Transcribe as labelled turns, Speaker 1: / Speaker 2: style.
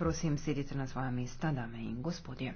Speaker 1: Prosim, sedite na svoja mesta, dame in gospodje.